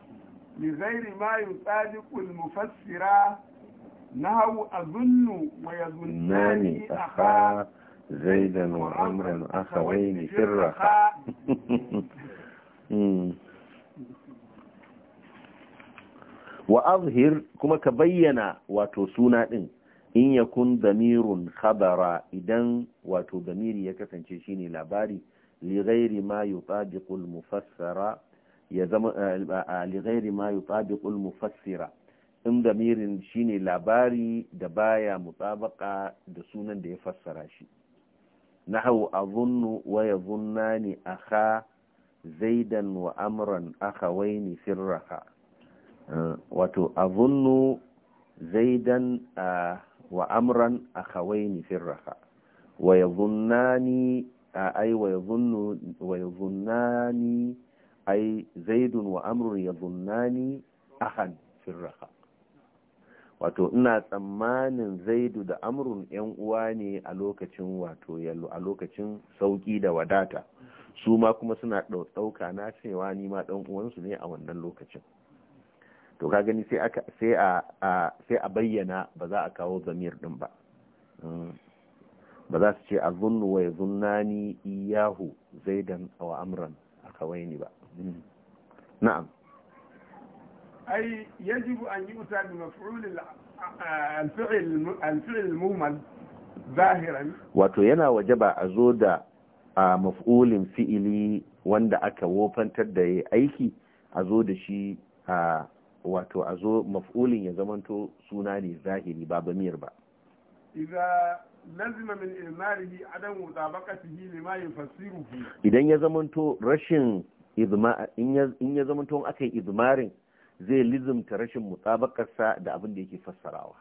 li ghairi ma yusadiqu al-mufassira نهو أظن ويظنان أخا زيدا وعمرا أخوين في الرخاء وأظهر كما كبينا وتوسونا إن إن يكون ضمير خبر إذن واتو ضمير يكسن تشيشيني لباري لغير ما يطابق المفسر يزم... آه، آه، لغير ما يطابق المفسر in damirin shine labari da baya mutabaka da sunan da ya fassara shi nahau azunnu wa yazunnani akha zaidan wa amran akhawaini firraha wato azunnu zaidan ah, wa amran akhawaini firraha wa yazunnani ah, ay wa yazunnu wa yazunnani ay zaidun wa amrun yazunnani ahan firraha wato ina tsammanin zaidu da amrun yan uwa ne a lokacin wato yallo a lokacin sauki da wadata su ma kuma suna ɗauka na cewa ni ma ɗan uwansu ne a wannan lokacin to ka gani sai aka sai a sai a bayyana ba za a kawo zamir din ba mm. ba za su ce a zunnu wa zunnani iyahu zaidan wa amran a kawai ni ba mm. na'am أي يجب أن يؤتى بمفعول الفعل الفعل المهمل ظاهرا wato yana wajaba a zo da a maf'ulin fi'ili wanda aka wofantar da ya aiki a zo da shi a wato maf'ulin ya zamanto suna ne zahiri ba bamiyar ba idza lazima min izmarihi adam mutabaqatihi lima yufassiru idan ya zamanto rashin izma in ya zamanto aka yi izmarin zai lizumta rashin mutabakarsa da abin da yake fassarawa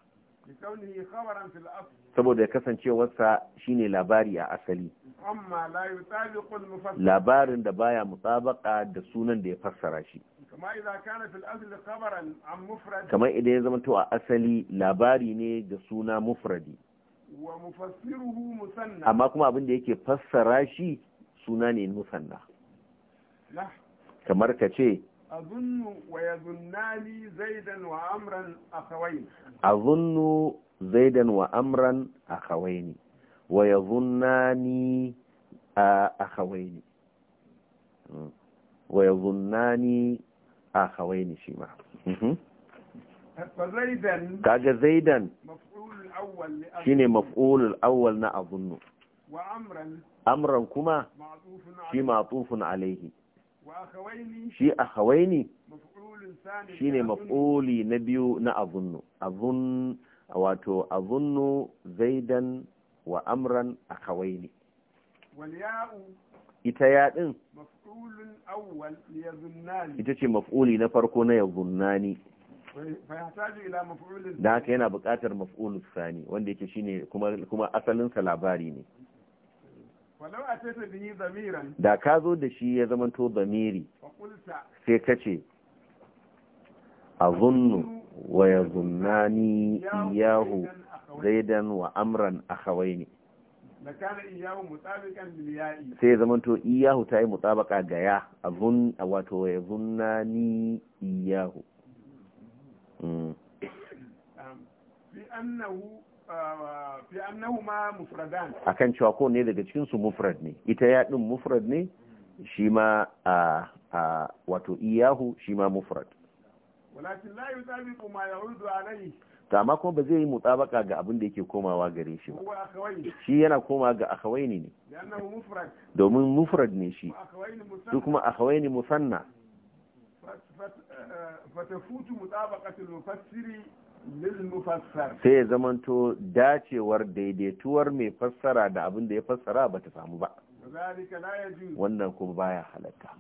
saboda ya kasance shi shine labari a asali labarin da baya mutabaka da sunan da ya fassara shi kamar idan ya zama to a asali labari ne ga suna mufradi amma kuma abin da yake fassara shi suna ne musanna kamar ka ce أظن ويظنان زيدا وأمرا أخوين أظن زيدا وأمرا أخوين ويظنان أخوين ويظنان أخوين شيما فزيدا كاجا زيدا مفعول الأول شيني مفعول الأول نا أظن وأمرا أمرا كما شي معطوف عليه shi a hawaini shi ne maf'uli na biyu na azunnu wato azunnu zaidan wa amran a hawaini ita ya ɗin ita ce maf'uli na farko na yazunnani da haka yana buƙatar maf'ulun sani wanda yake shine kuma asalinsa labari ne da ka zo da shi ya zamanto zamiri sai ka ce a zunnu wa ya ni iyahu zaidan wa amran a hawai ne sai ya zamanto iyahu ta yi mutabaka ga ya a wato ya ni iyahu hmm. Ah, a kan cewa ko ne daga cikinsu mufrad ne ita ya ɗin mufrad ne shi ma a ah, ah, wato iyahu shi ma mufrad ta amma kuma ba zai yi mutabaka ga abin da yake komawa gare shi ba shi yana koma ga akhawaini ne domin mufrad ne shi su kuma akhawaini musanna eh, eh, fatafutu mutabaqatul mufassiri sai ya zamanto dacewar daidaituwar mai fassara da abin da ya fassara ba ta samu ba wannan kuma baya halatta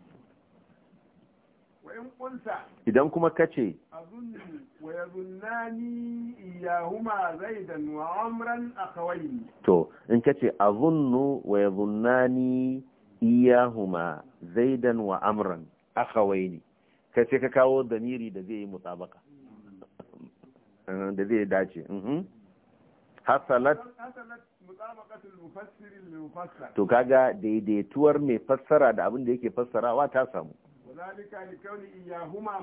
idan kuma ka ce to in kace azunnu wa yazunnani iyahuma zaidan wa amran akhawaini kai ne ka kawo damiri da zai yi mutabaka Eh, da zai dace mhm. hasalat to kaga daidaituwar mai fassara da abin da yake fassarawa ta samu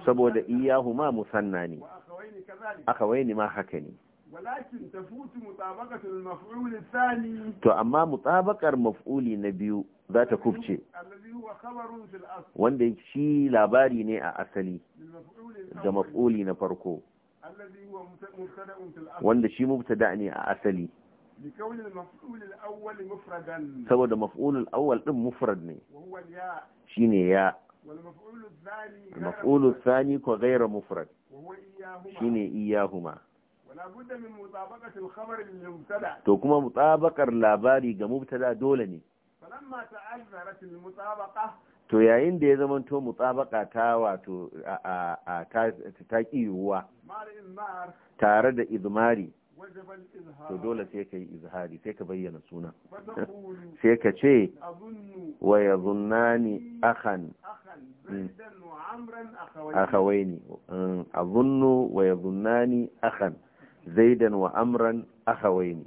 saboda iyahuma musanna ne aka waini ma haka ne to amma mutsabakar maf'uli na biyu za ta kufce wanda shi labari ne a asali ga maf'uli na farko الذي هو مبتدا في الاصل وان شيء مبتدا ني يعني اصلي لكون المفعول الاول مفردا سبب المفعول الاول دم مفرد ني وهو الياء شيني يا والمفعول الثاني المفعول الثاني غير مفرد وهو اياهما شيني اياهما ولا بد من مطابقه الخبر للمبتدا تو كما مطابقه اللاباري لمبتدا دولني فلما تعذرت المطابقه to yayin da ya zama to mutsabaka ta wato a ta yiwuwa tare da izmari to dole sai ka yi izhari sai ka bayyana suna sai ka ce wa ya zunnani akan hmm, a zunnu hmm, wa ya zunnani akan zaidan wa amran ne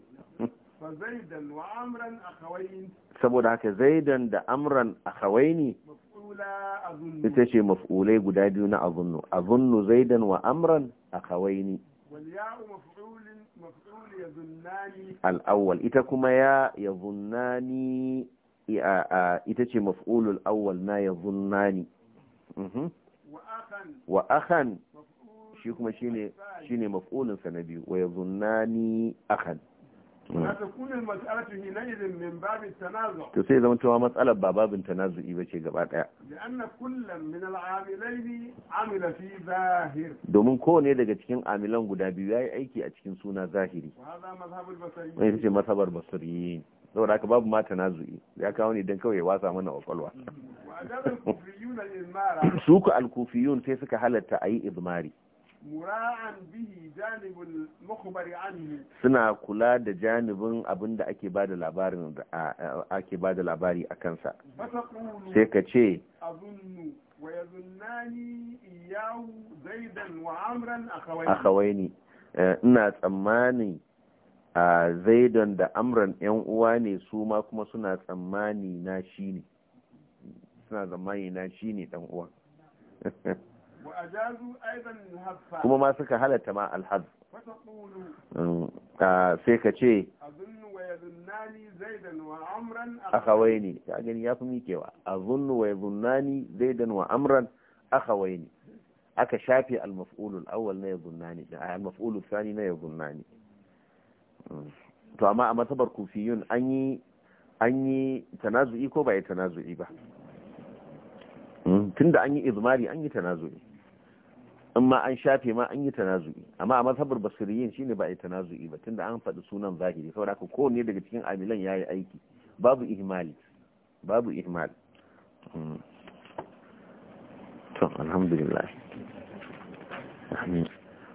saboda haka zaidan da amran akhawaini ita ce maf'ulai guda biyu na azunnu azunnu zaidan wa amran akhawaini al'awwal ita kuma ya yazunnani ita ce maf'ulul awwal na yazunnani mhm. wa akhan shi kuma shine shine maf'ulun na biyu wa yazunnani akhan to sai zama cewa matsalar ba babin tanazu'i ba ce gaba daya domin kowane daga cikin amilan guda biyu ya yi aiki a cikin suna zahiri wani ce masabar basiri saboda haka babu ma tanazu'i ya kawo ne don kawai wasa mana kwakwalwa su ku alkufiyun sai suka halatta a yi izmari mura'an bihi anhu suna kula da janibin abin da ake ba da labarin ake ba da labari a kansa sai ka ce a akhawaini eh, ina tsammani a zaidan da amran yan uwa ne su ma kuma suna tsammani na shi ne suna tsammani na shi ne dan uwa kuma ma suka halatta ma alhaz mm, sai ka ce akawai ne ta gani ya fi mikewa a zunnu wa zunnani zaidan wa amran akawai ne aka shafe almaf'ulul awwal na ya yazunnani da almaf'ulul sani na ya yazunnani mm. to amma a matsabar kufiyun an yi an yi tanazu'i ko ba ya tanazu'i ba mm, tunda an yi izmari an yi tanazu'i in ma an shafe ma an yi tanazu'i amma a mazhabar basiriyin shine ba a yi tanazu'i ba tunda an faɗi sunan zahiri saboda haka kowanne daga cikin amilan yayi aiki babu ihmali babu ihmal hmm. to alhamdulillah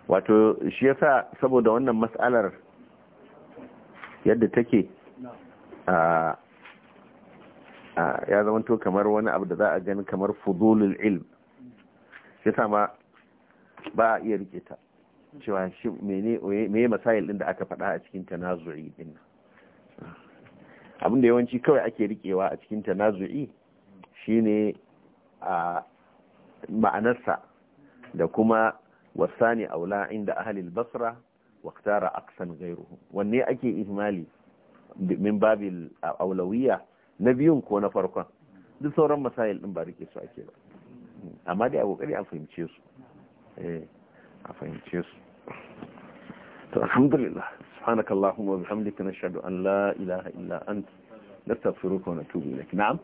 wato shi yasa saboda wannan mas'alar yadda take a ya to kamar wani abu da za a gani kamar fudulul ilm shi sama ba a iya rike ta cewa shi mene meye masail din da aka faɗa a cikin tanazu'i din abin da yawanci kawai ake rikewa a cikin tanazu'i shine a ma'anarsa da kuma wasani aula inda ahalin basra واختار aqsan ghayruhu wanne ake ihmali min babil aulawiya na biyun ko na farkon duk sauran masail din ba rike su ake ba amma dai a kokari an fahimce su Eh, a fahimce su to alhamdulillah subhanakallahumma bihamdika nashhadu an la ilaha illa anta nastaghfiruka wa natubu ilayk na'am